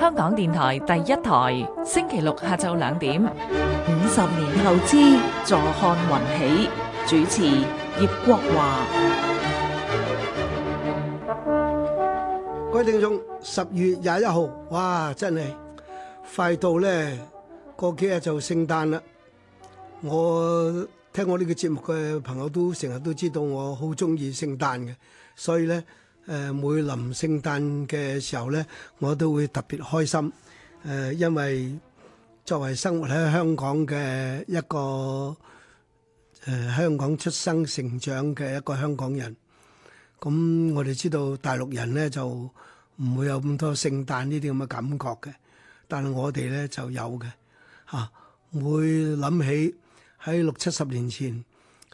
香港電台第一台，星期六下晝兩點。五十年後，坐看雲起。主持葉國華。各位聽眾，十月廿一號，哇，真係快到咧！過幾日就聖誕啦，我。聽我呢個節目嘅朋友都成日都知道我好鍾意聖誕嘅，所以咧，誒、呃、每臨聖誕嘅時候咧，我都會特別開心。誒、呃，因為作為生活喺香港嘅一個誒、呃、香港出生成長嘅一個香港人，咁我哋知道大陸人咧就唔會有咁多聖誕呢啲咁嘅感覺嘅，但係我哋咧就有嘅，嚇會諗起。喺六七十年前，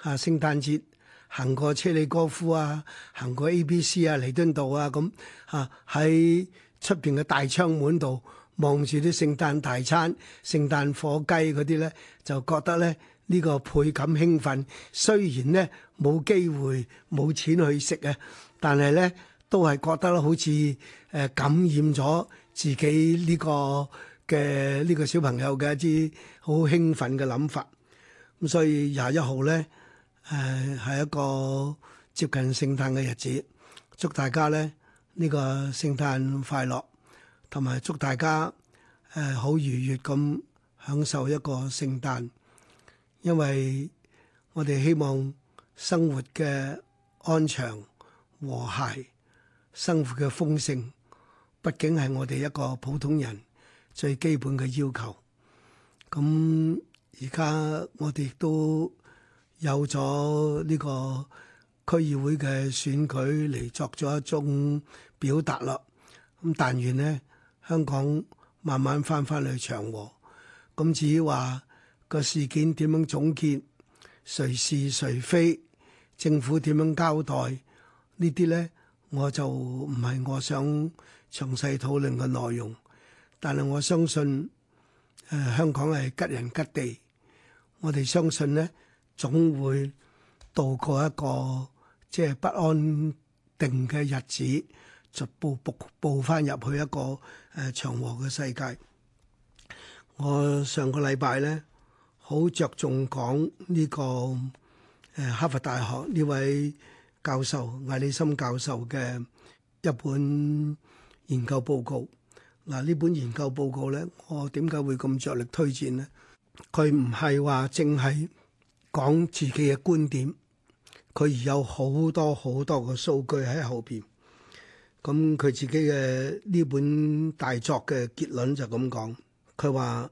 啊，聖誕節行過車里哥夫啊，行過 ABC 啊，彌敦道啊，咁啊，喺出邊嘅大窗門度望住啲聖誕大餐、聖誕火雞嗰啲咧，就覺得咧呢個倍感興奮。雖然咧冇機會、冇錢去食啊，但係咧都係覺得好似誒感染咗自己呢個嘅呢個小朋友嘅一啲好興奮嘅諗法。咁所以廿一號咧，誒、呃，係一個接近聖誕嘅日子，祝大家咧呢、這個聖誕快樂，同埋祝大家誒、呃、好愉悅咁享受一個聖誕。因為我哋希望生活嘅安詳和諧，生活嘅豐盛，畢竟係我哋一個普通人最基本嘅要求，咁。而家我哋都有咗呢個區議會嘅選舉嚟作咗一種表達啦。咁但願呢香港慢慢翻返去祥和。咁至於話，這個事件點樣總結，誰是誰非、政府點樣交代呢啲咧，我就唔係我想詳細討論嘅內容。但係我相信，誒、呃、香港係吉人吉地。我哋相信咧，總會度過一個即係不安定嘅日子，逐步步步翻入去一個誒、呃、祥和嘅世界。我上個禮拜咧，好着重講呢個誒哈佛大學呢位教授艾利森教授嘅一本研究報告。嗱，呢本研究報告咧，我點解會咁着力推薦咧？佢唔係話淨係講自己嘅觀點，佢而有好多好多嘅數據喺後邊。咁佢自己嘅呢本大作嘅結論就咁講。佢話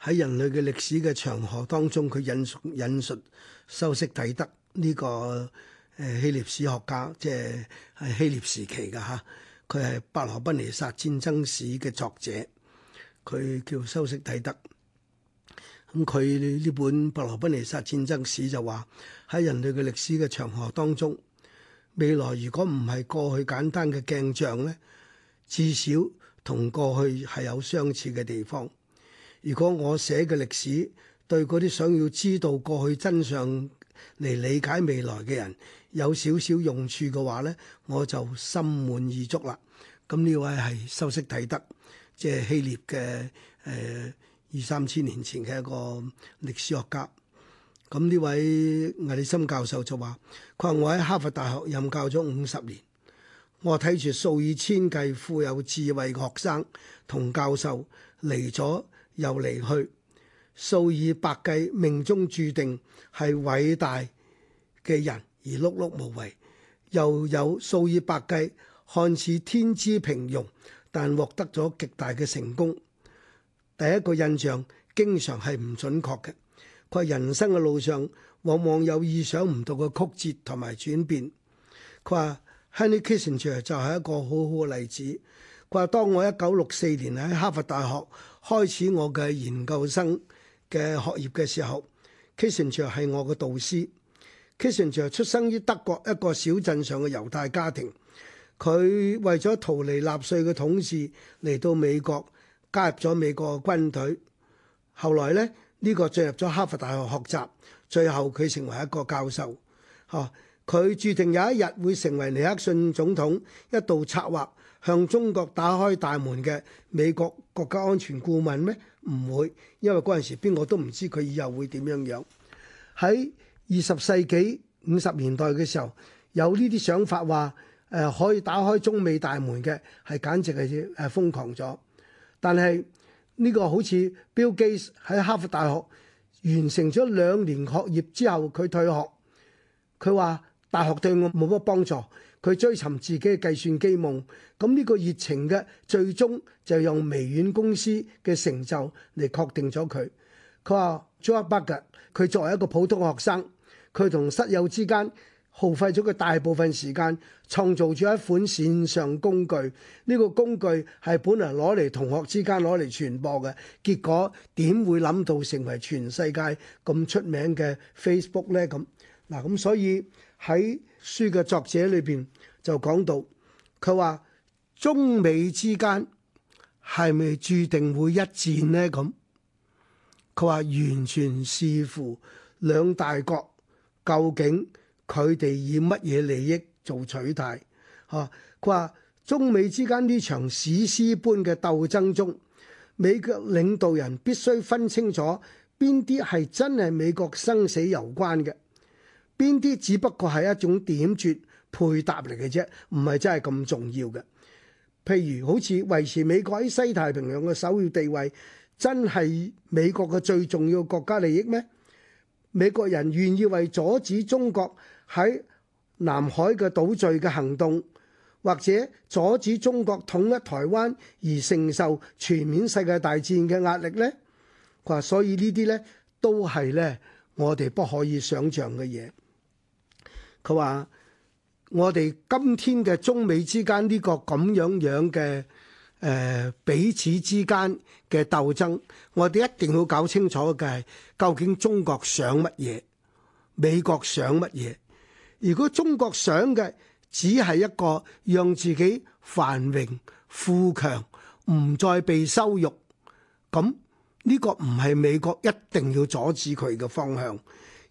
喺人類嘅歷史嘅長河當中，佢引述引述修昔底德呢個誒希臘史學家，即係係希臘時期嘅吓，佢係伯羅奔尼撒戰爭史嘅作者，佢叫修昔底德。咁佢呢本《伯羅奔尼撒戰爭史》就話喺人類嘅歷史嘅長河當中，未來如果唔係過去簡單嘅鏡像咧，至少同過去係有相似嘅地方。如果我寫嘅歷史對嗰啲想要知道過去真相嚟理解未來嘅人有少少用處嘅話咧，我就心滿意足啦。咁呢位係修昔底德，即係希臘嘅誒。呃二三千年前嘅一個歷史學家，咁呢位艾利森教授就話，佢話我喺哈佛大學任教咗五十年，我睇住數以千計富有智慧嘅學生同教授嚟咗又離去，數以百計命中注定係偉大嘅人而碌碌無為，又有數以百計看似天資平庸但獲得咗極大嘅成功。第一個印象經常係唔準確嘅。佢話人生嘅路上往往有意想唔到嘅曲折同埋轉變。佢話 Henry Kissinger 就係一個好好嘅例子。佢話當我一九六四年喺哈佛大學開始我嘅研究生嘅學業嘅時候，Kissinger 係我嘅導師。Kissinger 出生於德國一個小鎮上嘅猶太家庭。佢為咗逃離納粹嘅統治嚟到美國。加入咗美國軍隊，後來咧呢、呢個進入咗哈佛大學學習，最後佢成為一個教授。嚇、啊、佢注定有一日會成為尼克遜總統一度策劃向中國打開大門嘅美國國家安全顧問咩？唔會，因為嗰陣時邊個都唔知佢以後會點樣樣。喺二十世紀五十年代嘅時候，有呢啲想法話誒、呃、可以打開中美大門嘅，係簡直係誒、呃、瘋狂咗。但係呢個好似 Bill Gates 喺哈佛大學完成咗兩年學業之後，佢退學。佢話大學對我冇乜幫助。佢追尋自己嘅計算機夢。咁呢個熱情嘅最終就用微軟公司嘅成就嚟確定咗佢。佢話 John Burger 佢作為一個普通學生，佢同室友之間。耗費咗佢大部分時間，創造咗一款線上工具，呢個工具係本嚟攞嚟同學之間攞嚟傳播嘅，結果點會諗到成為全世界咁出名嘅 Facebook 呢？咁嗱咁，所以喺書嘅作者裏邊就講到，佢話中美之間係咪注定會一戰呢？咁佢話完全視乎兩大國究竟。佢哋以乜嘢利益做取締吓，佢，啊，話中美之間呢場史詩般嘅鬥爭中，美國領導人必須分清楚邊啲係真係美國生死攸關嘅，邊啲只不過係一種點綴配搭嚟嘅啫，唔係真係咁重要嘅。譬如好似維持美國喺西太平洋嘅首要地位，真係美國嘅最重要國家利益咩？美國人願意為阻止中國。喺南海嘅島嶼嘅行動，或者阻止中國統一台灣而承受全面世界大戰嘅壓力呢？佢話：所以呢啲呢，都係呢我哋不可以想像嘅嘢。佢話：我哋今天嘅中美之間呢個咁樣樣嘅誒彼此之間嘅鬥爭，我哋一定要搞清楚嘅係究竟中國想乜嘢，美國想乜嘢。如果中國想嘅只係一個讓自己繁榮富強，唔再被羞辱，咁呢個唔係美國一定要阻止佢嘅方向。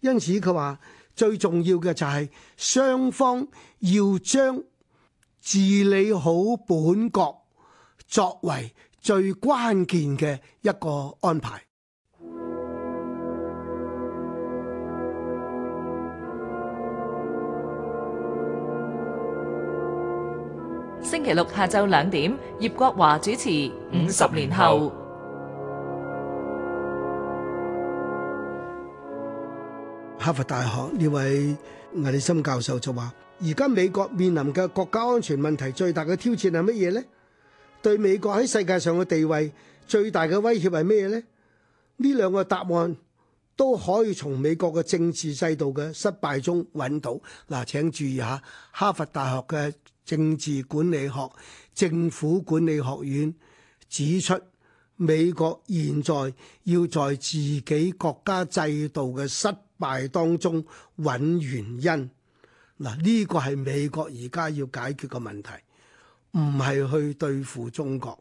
因此，佢話最重要嘅就係雙方要將治理好本國作為最關鍵嘅一個安排。星期六下晝兩點，葉國華主持《五十年後》。哈佛大學呢位艾利森教授就話：而家美國面臨嘅國家安全問題最大嘅挑戰係乜嘢呢？對美國喺世界上嘅地位最大嘅威脅係乜嘢呢？呢兩個答案都可以從美國嘅政治制度嘅失敗中揾到。嗱，請注意下哈佛大學嘅。政治管理學政府管理學院指出，美國現在要在自己國家制度嘅失敗當中揾原因。嗱，呢個係美國而家要解決嘅問題，唔係去對付中國，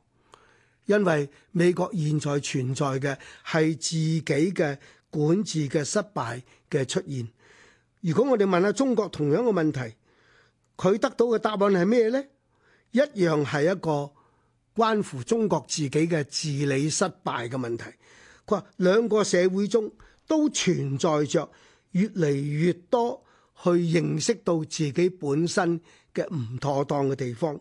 因為美國現在存在嘅係自己嘅管治嘅失敗嘅出現。如果我哋問下中國同樣嘅問題？佢得到嘅答案係咩呢？一樣係一個關乎中國自己嘅治理失敗嘅問題。佢話兩個社會中都存在着越嚟越多去認識到自己本身嘅唔妥當嘅地方，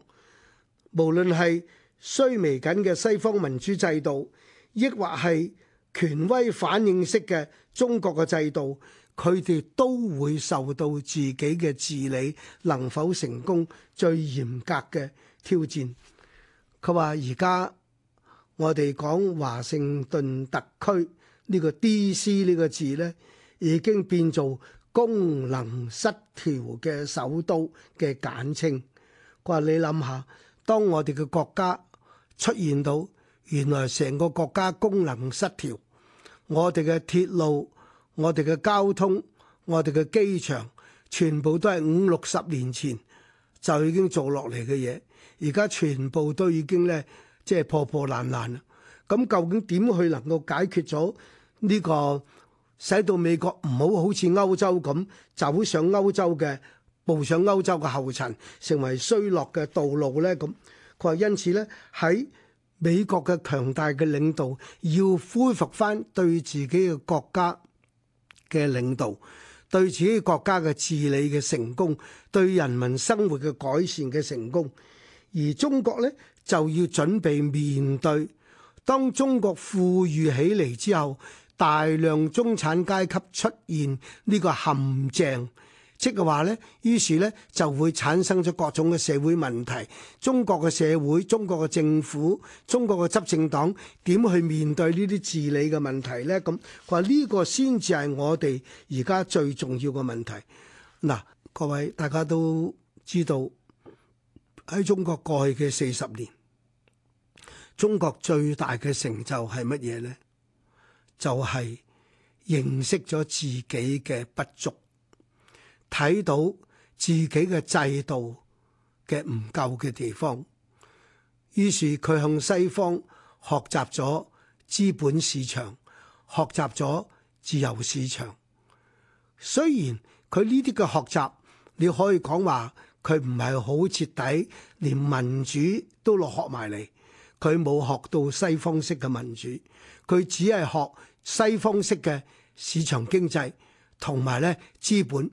無論係衰微緊嘅西方民主制度，抑或係權威反應式嘅中國嘅制度。佢哋都會受到自己嘅治理能否成功最嚴格嘅挑戰。佢話：而家我哋講華盛頓特區呢個 D.C. 呢個字呢，已經變做功能失調嘅首都嘅簡稱。佢話：你諗下，當我哋嘅國家出現到原來成個國家功能失調，我哋嘅鐵路。我哋嘅交通，我哋嘅機場，全部都係五六十年前就已經做落嚟嘅嘢，而家全部都已經呢，即係破破爛爛啦。咁、嗯、究竟點去能夠解決咗呢個，使到美國唔好好似歐洲咁走上歐洲嘅步上歐洲嘅後塵，成為衰落嘅道路呢？咁佢話因此呢，喺美國嘅強大嘅領導，要恢復返對自己嘅國家。嘅領導對自己國家嘅治理嘅成功，對人民生活嘅改善嘅成功，而中國呢，就要準備面對，當中國富裕起嚟之後，大量中產階級出現呢個陷阱。即係話咧，於是咧就會產生咗各種嘅社會問題。中國嘅社會、中國嘅政府、中國嘅執政黨點去面對呢啲治理嘅問題咧？咁佢話呢個先至係我哋而家最重要嘅問題。嗱，各位大家都知道喺中國過去嘅四十年，中國最大嘅成就係乜嘢咧？就係認識咗自己嘅不足。睇到自己嘅制度嘅唔夠嘅地方，於是佢向西方學習咗資本市場，學習咗自由市場。雖然佢呢啲嘅學習，你可以講話佢唔係好徹底，連民主都落學埋嚟，佢冇學到西方式嘅民主，佢只係學西方式嘅市場經濟同埋咧資本。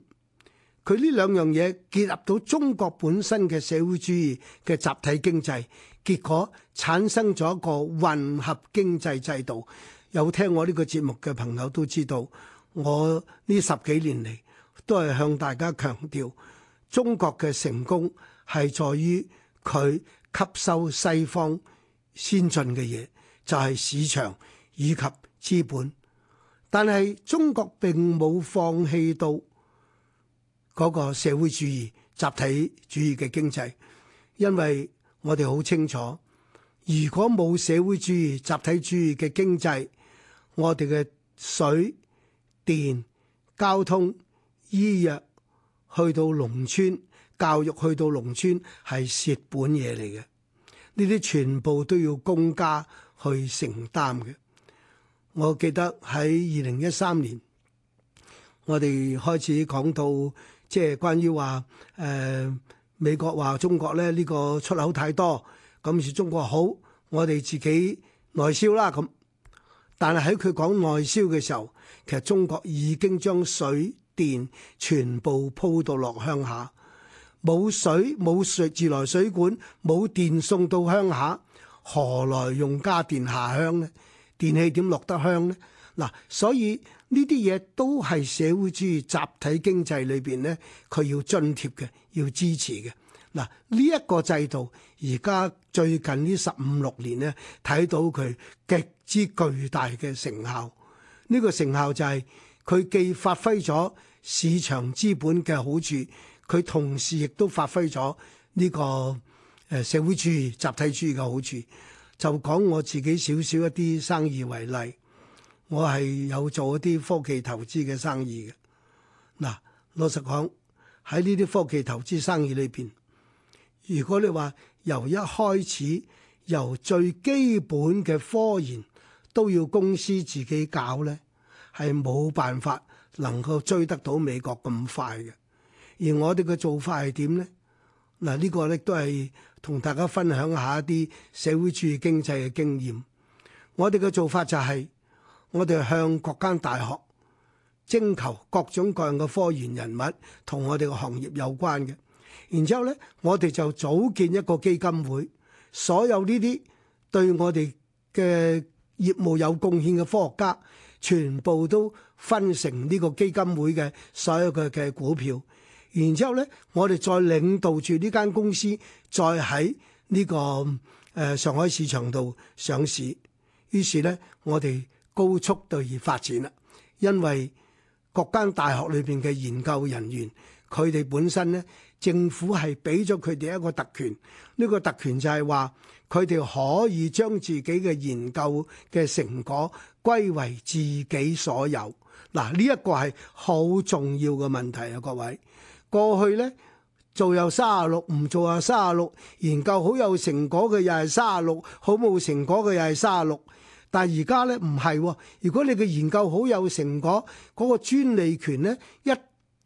佢呢兩樣嘢結合到中國本身嘅社會主義嘅集體經濟，結果產生咗一個混合經濟制度。有聽我呢個節目嘅朋友都知道，我呢十幾年嚟都係向大家強調，中國嘅成功係在於佢吸收西方先進嘅嘢，就係市場以及資本。但係中國並冇放棄到。嗰個社會主義集體主義嘅經濟，因為我哋好清楚，如果冇社會主義集體主義嘅經濟，我哋嘅水電交通醫藥去到農村、教育去到農村係蝕本嘢嚟嘅，呢啲全部都要公家去承擔嘅。我記得喺二零一三年，我哋開始講到。即係關於話誒美國話中國咧呢個出口太多，咁説中國好，我哋自己內銷啦咁。但係喺佢講內銷嘅時候，其實中國已經將水電全部鋪到落鄉下，冇水冇水自來水管，冇電送到鄉下，何來用家電下鄉呢？電器點落得鄉呢？嗱，所以。呢啲嘢都係社會主義集體經濟裏邊呢，佢要津貼嘅，要支持嘅。嗱，呢一個制度而家最近呢十五六年呢，睇到佢極之巨大嘅成效。呢個成效就係佢既發揮咗市場資本嘅好處，佢同時亦都發揮咗呢個誒社會主義集體主義嘅好處。就講我自己少少一啲生意為例。我係有做一啲科技投資嘅生意嘅。嗱，老實講，喺呢啲科技投資生意裏邊，如果你話由一開始由最基本嘅科研都要公司自己搞咧，係冇辦法能夠追得到美國咁快嘅。而我哋嘅做法係點咧？嗱，呢個咧都係同大家分享一下一啲社會主義經濟嘅經驗。我哋嘅做法就係、是。我哋向各間大學徵求各種各樣嘅科研人物，同我哋嘅行業有關嘅。然之後呢，我哋就組建一個基金會，所有呢啲對我哋嘅業務有貢獻嘅科學家，全部都分成呢個基金會嘅所有嘅嘅股票。然之後呢，我哋再領導住呢間公司再、這個，再喺呢個誒上海市場度上市。於是呢，我哋。高速度而發展啦，因為各間大學裏邊嘅研究人員，佢哋本身咧，政府係俾咗佢哋一個特權，呢個特權就係話佢哋可以將自己嘅研究嘅成果歸為自己所有。嗱，呢一個係好重要嘅問題啊，各位。過去呢，做有三十六，唔做有三十六，研究好有成果嘅又係三十六，好冇成果嘅又係三十六。但係而家呢，唔係，如果你嘅研究好有成果，嗰、那個專利權呢，一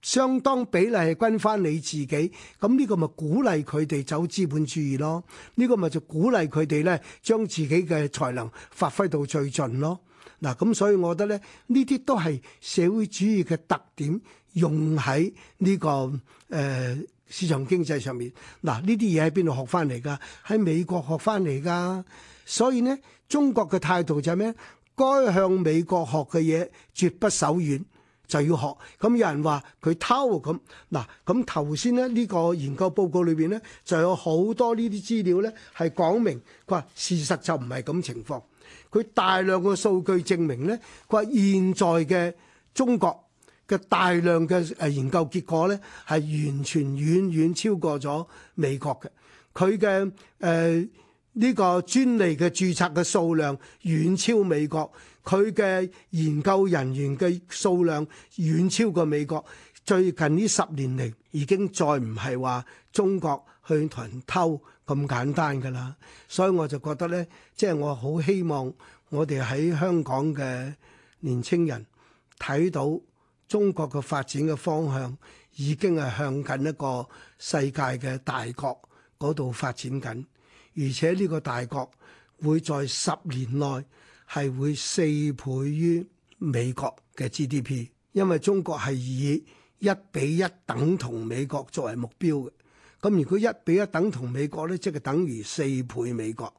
相當比例係均翻你自己，咁呢個咪鼓勵佢哋走資本主義咯？呢、這個咪就鼓勵佢哋呢，將自己嘅才能發揮到最盡咯。嗱，咁所以我覺得咧，呢啲都係社會主義嘅特點用、這個，用喺呢個誒市場經濟上面。嗱，呢啲嘢喺邊度學翻嚟㗎？喺美國學翻嚟㗎？所以呢，中國嘅態度就係咩？該向美國學嘅嘢，絕不手軟，就要學。咁有人話佢偷咁。嗱，咁頭先咧呢個研究報告裏邊呢，就有好多呢啲資料呢係講明佢話事實就唔係咁情況。佢大量嘅數據證明呢，佢話現在嘅中國嘅大量嘅誒研究結果呢，係完全遠遠超過咗美國嘅，佢嘅誒。呃呢個專利嘅註冊嘅數量遠超美國，佢嘅研究人員嘅數量遠超過美國。最近呢十年嚟，已經再唔係話中國去同人偷咁簡單㗎啦。所以我就覺得呢，即係我好希望我哋喺香港嘅年青人睇到中國嘅發展嘅方向已經係向緊一個世界嘅大國嗰度發展緊。而且呢個大國會在十年內係會四倍於美國嘅 GDP，因為中國係以一比一等同美國作為目標嘅。咁如果一比一等同美國呢，即係等於四倍美國。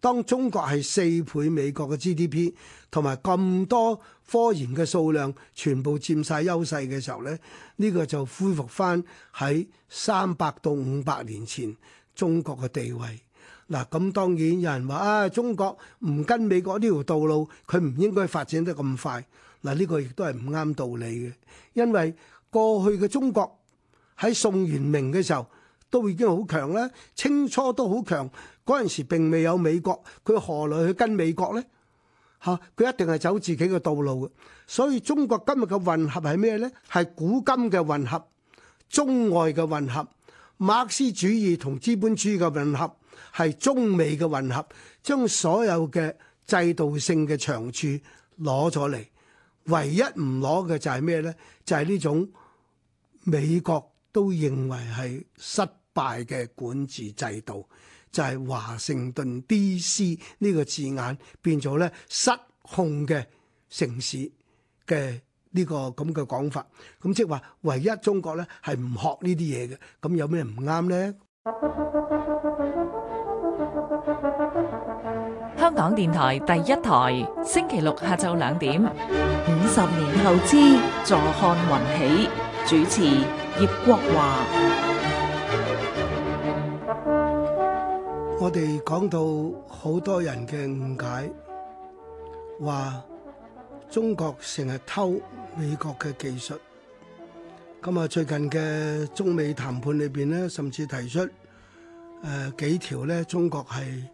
當中國係四倍美國嘅 GDP，同埋咁多科研嘅數量全部佔晒優勢嘅時候呢，呢個就恢復翻喺三百到五百年前中國嘅地位。嗱，咁當然有人話啊，中國唔跟美國呢條道路，佢唔應該發展得咁快。嗱，呢個亦都係唔啱道理嘅，因為過去嘅中國喺宋元明嘅時候都已經好強啦，清初都好強。嗰陣時並未有美國，佢何來去跟美國呢？嚇，佢一定係走自己嘅道路嘅。所以中國今日嘅混合係咩呢？係古今嘅混合，中外嘅混合，馬克思主義同資本主義嘅混合。係中美嘅混合，將所有嘅制度性嘅長處攞咗嚟，唯一唔攞嘅就係咩呢？就係、是、呢種美國都認為係失敗嘅管治制度，就係、是、華盛頓 D.C. 呢個字眼變咗咧失控嘅城市嘅呢個咁嘅講法。咁即係話，唯一中國呢係唔學呢啲嘢嘅，咁有咩唔啱呢？香港電台第一台，星期六下晝兩點。五十年投資，坐看雲起。主持葉國華。我哋講到好多人嘅誤解，話中國成日偷美國嘅技術。今日最近嘅中美談判裏邊咧，甚至提出誒、呃、幾條咧，中國係。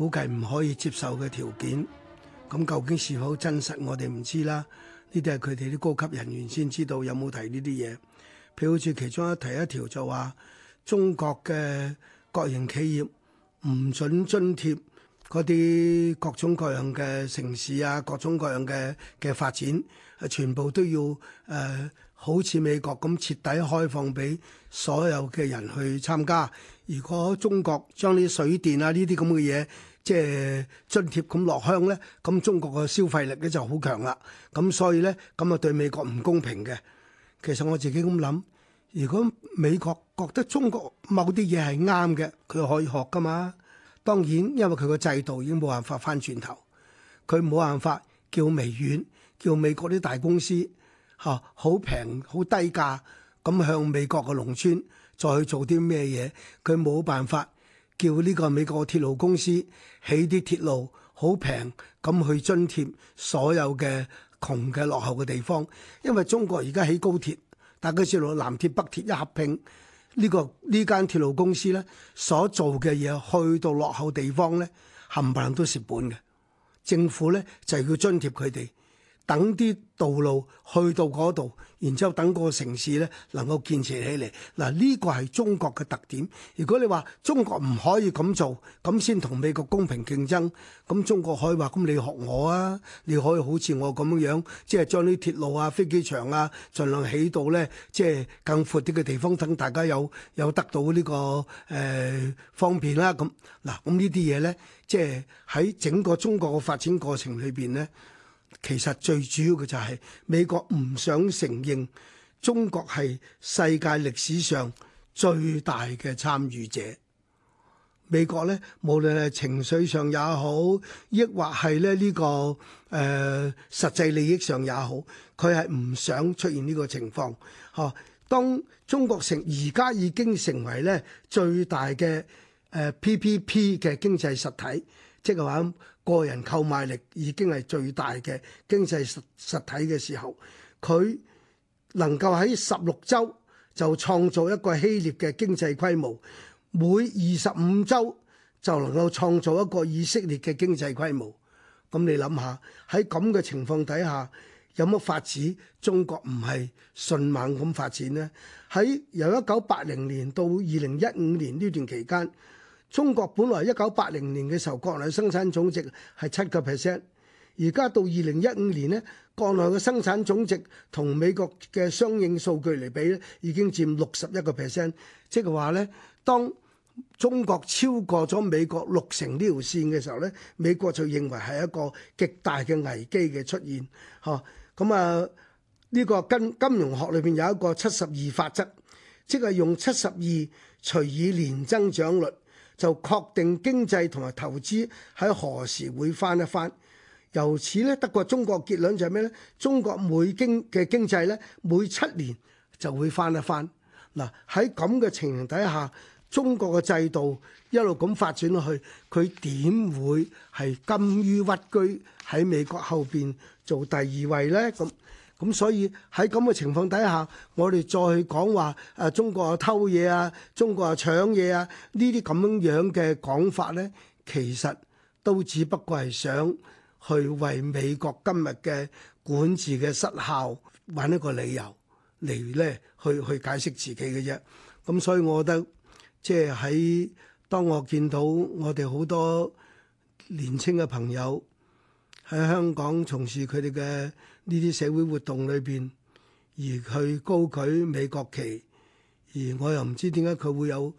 估計唔可以接受嘅條件，咁究竟是否真實，我哋唔知啦。呢啲係佢哋啲高級人員先知道有冇提呢啲嘢。譬如好似其中一提一條就話，中國嘅國營企業唔准津貼嗰啲各種各樣嘅城市啊，各種各樣嘅嘅發展，係全部都要誒、呃、好似美國咁徹底開放俾所有嘅人去參加。如果中國將啲水電啊呢啲咁嘅嘢，這即係津貼咁落鄉咧，咁中國嘅消費力咧就好強啦。咁所以咧，咁啊對美國唔公平嘅。其實我自己咁諗，如果美國覺得中國某啲嘢係啱嘅，佢可以學噶嘛。當然，因為佢個制度已經冇辦法翻轉頭，佢冇辦法叫微軟叫美國啲大公司吓好平好低價咁向美國嘅農村再去做啲咩嘢，佢冇辦法。叫呢個美國鐵路公司起啲鐵路好平，咁去津貼所有嘅窮嘅落後嘅地方。因為中國而家起高鐵，但係佢鐵路南鐵北鐵一合併，呢個呢間鐵路公司呢所做嘅嘢去到落後地方呢，冚唪唥都蝕本嘅。政府呢，就係要津貼佢哋。等啲道路去到嗰度，然之後等個城市咧能夠建設起嚟。嗱，呢個係中國嘅特點，如果你話中國唔可以咁做，咁先同美國公平競爭，咁中國可以話，咁你學我啊，你可以好似我咁樣，即係將啲鐵路啊、飛機場啊，盡量起到咧，即係更闊啲嘅地方，等大家有有得到呢個誒方便啦。咁嗱，咁呢啲嘢咧，即係喺整個中國嘅發展過程裏邊咧。其實最主要嘅就係美國唔想承認中國係世界歷史上最大嘅參與者。美國呢，無論係情緒上也好，抑或係咧呢個誒、呃、實際利益上也好，佢係唔想出現呢個情況。嗬，當中國成而家已經成為呢最大嘅誒 PPP 嘅經濟實體，即係話。個人購買力已經係最大嘅經濟實實體嘅時候，佢能夠喺十六週就創造一個希臘嘅經濟規模，每二十五週就能夠創造一個以色列嘅經濟規模。咁你諗下喺咁嘅情況底下，有乜法子中國唔係迅猛咁發展呢？喺由一九八零年到二零一五年呢段期間。中國本來一九八零年嘅時候，國內生產總值係七個 percent，而家到二零一五年咧，國內嘅生產總值同美國嘅相應數據嚟比，已經佔六十一個 percent。即係話咧，當中國超過咗美國六成呢條線嘅時候咧，美國就認為係一個極大嘅危機嘅出現。嚇咁啊，呢、啊呢個金金融學裏邊有一個七十二法則，即係用七十二除以年增長率。就確定經濟同埋投資喺何時會翻一翻。由此咧得個中國結論就係咩呢？中國每經嘅經濟咧每七年就會翻一翻。嗱喺咁嘅情形底下，中國嘅制度一路咁發展落去，佢點會係甘於屈居喺美國後邊做第二位呢？咁？咁所以喺咁嘅情況底下，我哋再去講話誒中國啊偷嘢啊，中國啊搶嘢啊，啊這這呢啲咁樣嘅講法咧，其實都只不過係想去為美國今日嘅管治嘅失效揾一個理由嚟咧，去去解釋自己嘅啫。咁所以，我覺得即係喺當我見到我哋好多年青嘅朋友喺香港從事佢哋嘅。呢啲社會活動裏邊，而去高舉美國旗，而我又唔知點解佢會有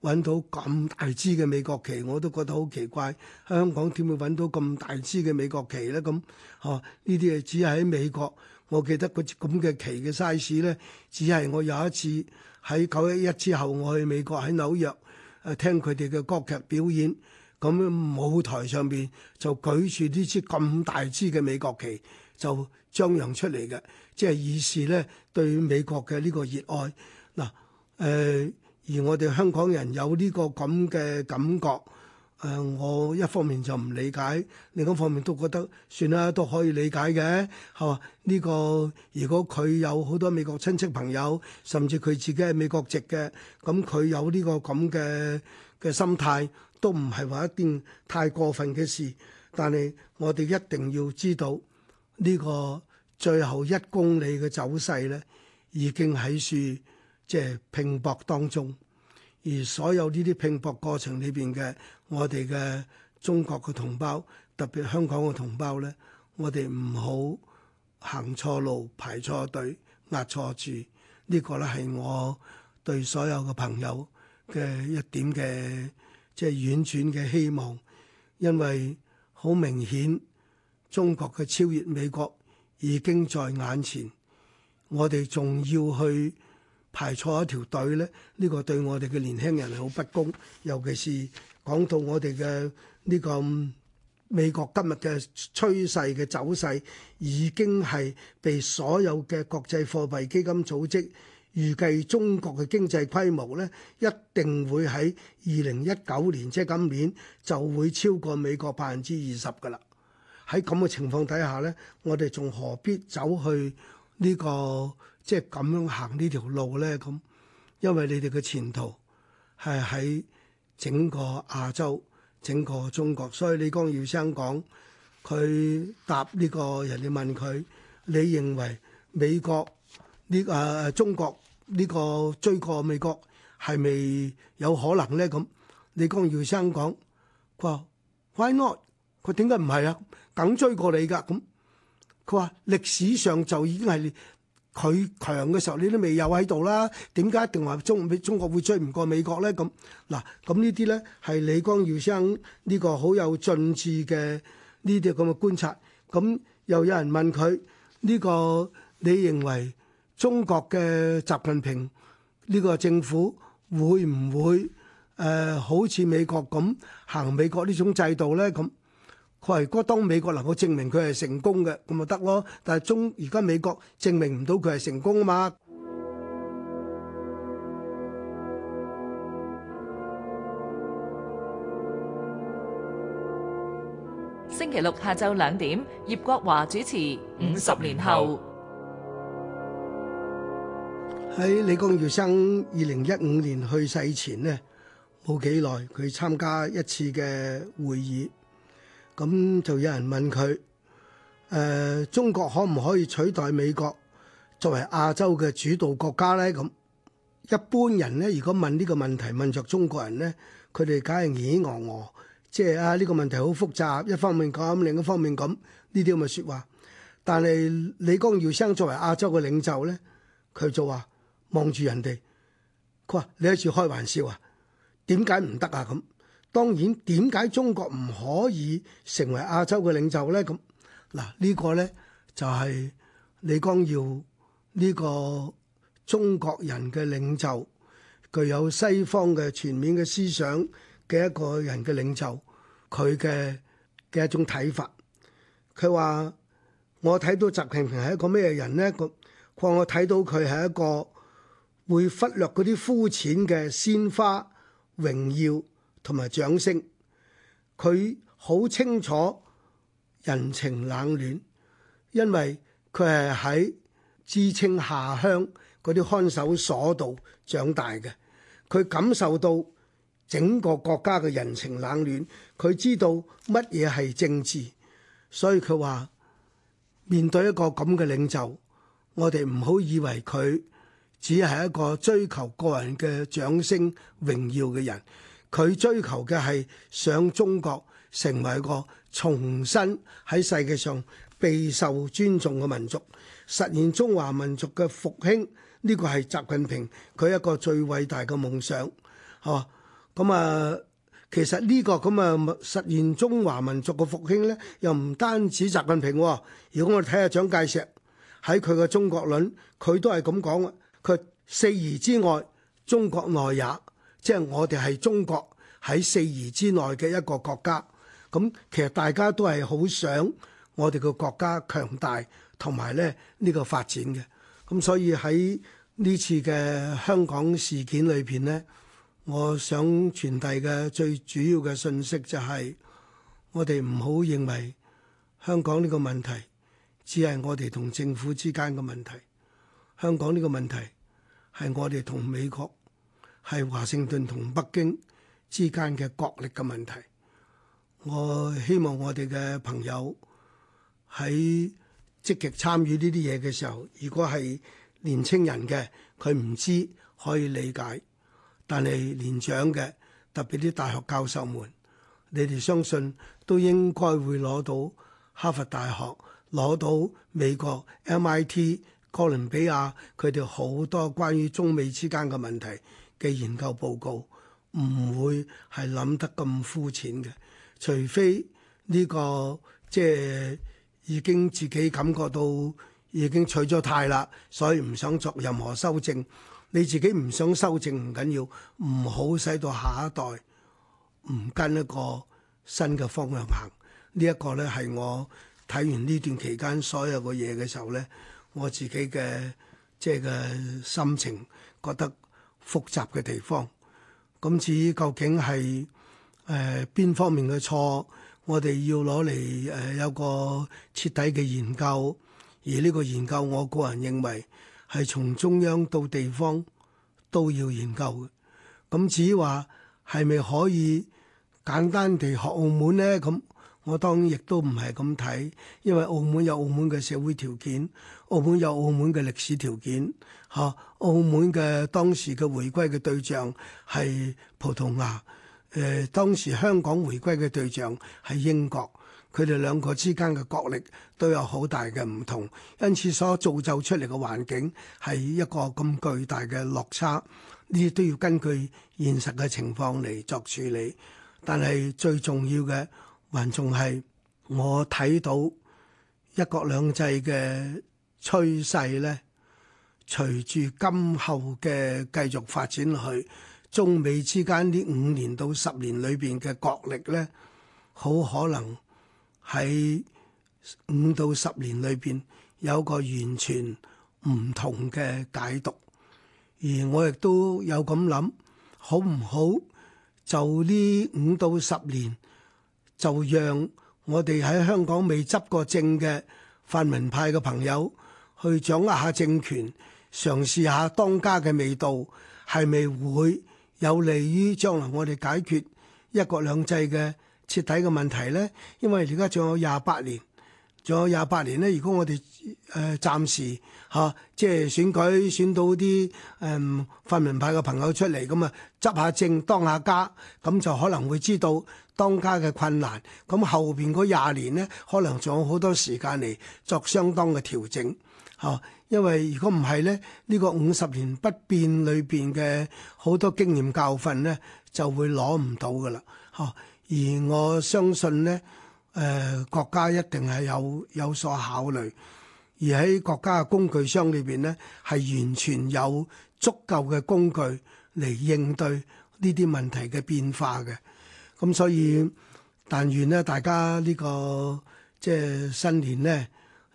揾到咁大支嘅美國旗，我都覺得好奇怪。香港點會揾到咁大支嘅美國旗呢？咁，嗬？呢啲啊，只係喺美國。我記得個咁嘅旗嘅 size 呢，只係我有一次喺九一一之後，我去美國喺紐約誒、啊、聽佢哋嘅歌劇表演，咁、啊、樣舞台上邊就舉住呢支咁大支嘅美國旗，就。張揚出嚟嘅，即係以示咧，對美國嘅呢個熱愛嗱。誒、呃，而我哋香港人有呢個咁嘅感覺誒、呃，我一方面就唔理解，另一方面都覺得算啦，都可以理解嘅。係嘛？呢、這個如果佢有好多美國親戚朋友，甚至佢自己係美國籍嘅，咁佢有呢個咁嘅嘅心態都唔係話一件太過分嘅事。但係我哋一定要知道。呢個最後一公里嘅走勢咧，已經喺處即係拼搏當中，而所有呢啲拼搏過程裏邊嘅我哋嘅中國嘅同胞，特別香港嘅同胞咧，我哋唔好行錯路、排錯隊、壓錯住，這個、呢個咧係我對所有嘅朋友嘅一點嘅即係婉轉嘅希望，因為好明顯。中國嘅超越美國已經在眼前，我哋仲要去排錯一條隊咧？呢個對我哋嘅年輕人係好不公。尤其是講到我哋嘅呢個美國今日嘅趨勢嘅走勢，已經係被所有嘅國際貨幣基金組織預計，中國嘅經濟規模咧一定會喺二零一九年，即係今年就會超過美國百分之二十噶啦。喺咁嘅情況底下咧，我哋仲何必走去呢、這個即係咁樣行呢條路咧？咁因為你哋嘅前途係喺整個亞洲、整個中國，所以李光耀先生講佢答呢個人哋問佢：你認為美國呢啊、這個、中國呢、這個追過美國係咪有，有可能咧？咁李光耀先生講：話 Why not？佢點解唔係啊？梗追過你㗎咁。佢話歷史上就已經係佢強嘅時候，你都未有喺度啦。點解一定話中、中國會追唔過美國呢？咁嗱，咁呢啲呢，係李光耀先生呢個好有進智嘅呢啲咁嘅觀察。咁又有人問佢呢、呢個你認為中國嘅習近平呢個政府會唔會誒、呃、好似美國咁行美國呢種制度呢？」咁佢係嗰當美國能夠證明佢係成功嘅，咁咪得咯。但係中而家美國證明唔到佢係成功啊嘛。星期六下晝兩點，葉國華主持《五十年後》。喺李光耀生二零一五年去世前呢，冇幾耐，佢參加一次嘅會議。咁就有人問佢，誒、呃，中國可唔可以取代美國作為亞洲嘅主導國家咧？咁一般人咧，如果問呢個問題問着中國人咧，佢哋梗係疑疑愕愕，即係啊呢、這個問題好複雜，一方面咁，另一方面咁，呢啲咁嘅說話。但係李光耀生作為亞洲嘅領袖咧，佢就話望住人哋，佢話你喺度開玩笑啊？點解唔得啊？咁？當然，點解中國唔可以成為亞洲嘅領袖咧？咁嗱，呢個咧就係李光耀呢個中國人嘅領袖，具有西方嘅全面嘅思想嘅一個人嘅領袖，佢嘅嘅一種睇法。佢話：我睇到習近平係一個咩人咧？佢話我睇到佢係一個會忽略嗰啲膚淺嘅鮮花榮耀。同埋掌聲，佢好清楚人情冷暖，因為佢係喺知青下鄉嗰啲看守所度長大嘅。佢感受到整個國家嘅人情冷暖，佢知道乜嘢係政治，所以佢話面對一個咁嘅領袖，我哋唔好以為佢只係一個追求個人嘅掌聲榮耀嘅人。佢追求嘅係想中國成為一個重新喺世界上備受尊重嘅民族，實現中華民族嘅復興。呢個係習近平佢一個最偉大嘅夢想，吓咁啊！其實呢個咁啊實現中華民族嘅復興咧，又唔單止習近平。如果我哋睇下蔣介石喺佢嘅中國論，佢都係咁講嘅，佢四夷之外，中國內也。即係我哋係中國喺四夷之內嘅一個國家，咁其實大家都係好想我哋嘅國家強大，同埋咧呢個發展嘅。咁所以喺呢次嘅香港事件裏邊咧，我想傳遞嘅最主要嘅信息就係我哋唔好認為香港呢個問題只係我哋同政府之間嘅問題。香港呢個問題，係我哋同美國。係華盛頓同北京之間嘅國力嘅問題。我希望我哋嘅朋友喺積極參與呢啲嘢嘅時候，如果係年青人嘅，佢唔知可以理解，但係年長嘅，特別啲大學教授們，你哋相信都應該會攞到哈佛大學攞到美國 MIT、哥倫比亞，佢哋好多關於中美之間嘅問題嘅研究報告唔會係諗得咁膚淺嘅，除非呢、這個即係、就是、已經自己感覺到已經取咗態啦，所以唔想作任何修正。你自己唔想修正唔緊要，唔好使到下一代唔跟一個新嘅方向行。這個、呢一個咧係我睇完呢段期間所有嘅嘢嘅時候咧，我自己嘅即係嘅心情覺得。複雜嘅地方，咁至於究竟係誒邊方面嘅錯，我哋要攞嚟誒有個徹底嘅研究。而呢個研究，我個人認為係從中央到地方都要研究嘅。咁至於話係咪可以簡單地學澳門呢？咁我當然亦都唔係咁睇，因為澳門有澳門嘅社會條件，澳門有澳門嘅歷史條件。嚇、啊！澳門嘅當時嘅回歸嘅對象係葡萄牙，誒、呃、當時香港回歸嘅對象係英國，佢哋兩個之間嘅國力都有好大嘅唔同，因此所造就出嚟嘅環境係一個咁巨大嘅落差，呢啲都要根據現實嘅情況嚟作處理。但係最重要嘅，還仲係我睇到一國兩制嘅趨勢咧。隨住今後嘅繼續發展落去，中美之間呢五年到十年裏邊嘅角力咧，好可能喺五到十年裏邊有個完全唔同嘅解讀。而我亦都有咁諗，好唔好就呢五到十年，就讓我哋喺香港未執過政嘅泛民派嘅朋友去掌握下政權。嘗試下當家嘅味道係咪會有利於將來我哋解決一國兩制嘅徹底嘅問題呢？因為而家仲有廿八年，仲有廿八年呢。如果我哋誒、呃、暫時嚇、啊，即係選舉選到啲誒、嗯、泛民派嘅朋友出嚟，咁啊執下政當下家，咁就可能會知道當家嘅困難。咁後邊嗰廿年呢，可能仲有好多時間嚟作相當嘅調整嚇。啊。因為如果唔係咧，呢個五十年不變裏邊嘅好多經驗教訓咧，就會攞唔到噶啦，嗬。而我相信咧，誒國家一定係有有所考慮，而喺國家嘅工具箱裏邊咧，係完全有足夠嘅工具嚟應對呢啲問題嘅變化嘅。咁所以，但願咧，大家呢個即係新年咧。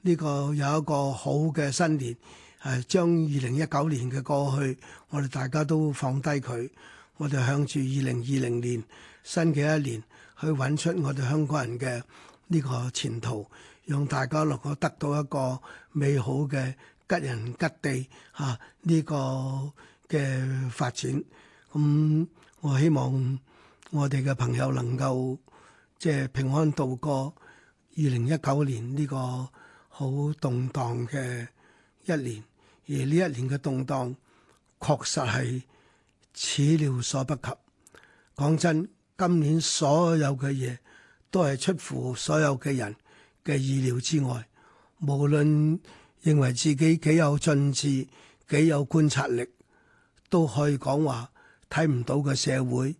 呢個有一個好嘅新年，係將二零一九年嘅過去，我哋大家都放低佢，我哋向住二零二零年新嘅一年去揾出我哋香港人嘅呢個前途，讓大家能夠得到一個美好嘅吉人吉地嚇呢個嘅發展。咁、嗯、我希望我哋嘅朋友能夠即係平安度過二零一九年呢個好動蕩嘅一年，而呢一年嘅動蕩確實係始料所不及。講真，今年所有嘅嘢都係出乎所有嘅人嘅意料之外。無論認為自己幾有進智、幾有觀察力，都可以講話睇唔到嘅社會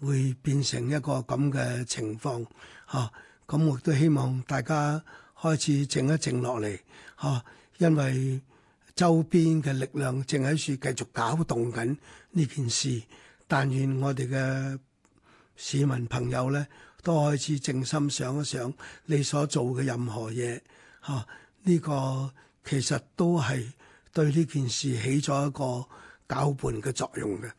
會變成一個咁嘅情況。吓、啊，咁我亦都希望大家。開始靜一靜落嚟，嚇、啊！因為周邊嘅力量正喺處繼續攪動緊呢件事。但願我哋嘅市民朋友咧，都開始靜心想一想你所做嘅任何嘢，嚇、啊！呢、這個其實都係對呢件事起咗一個攪拌嘅作用嘅。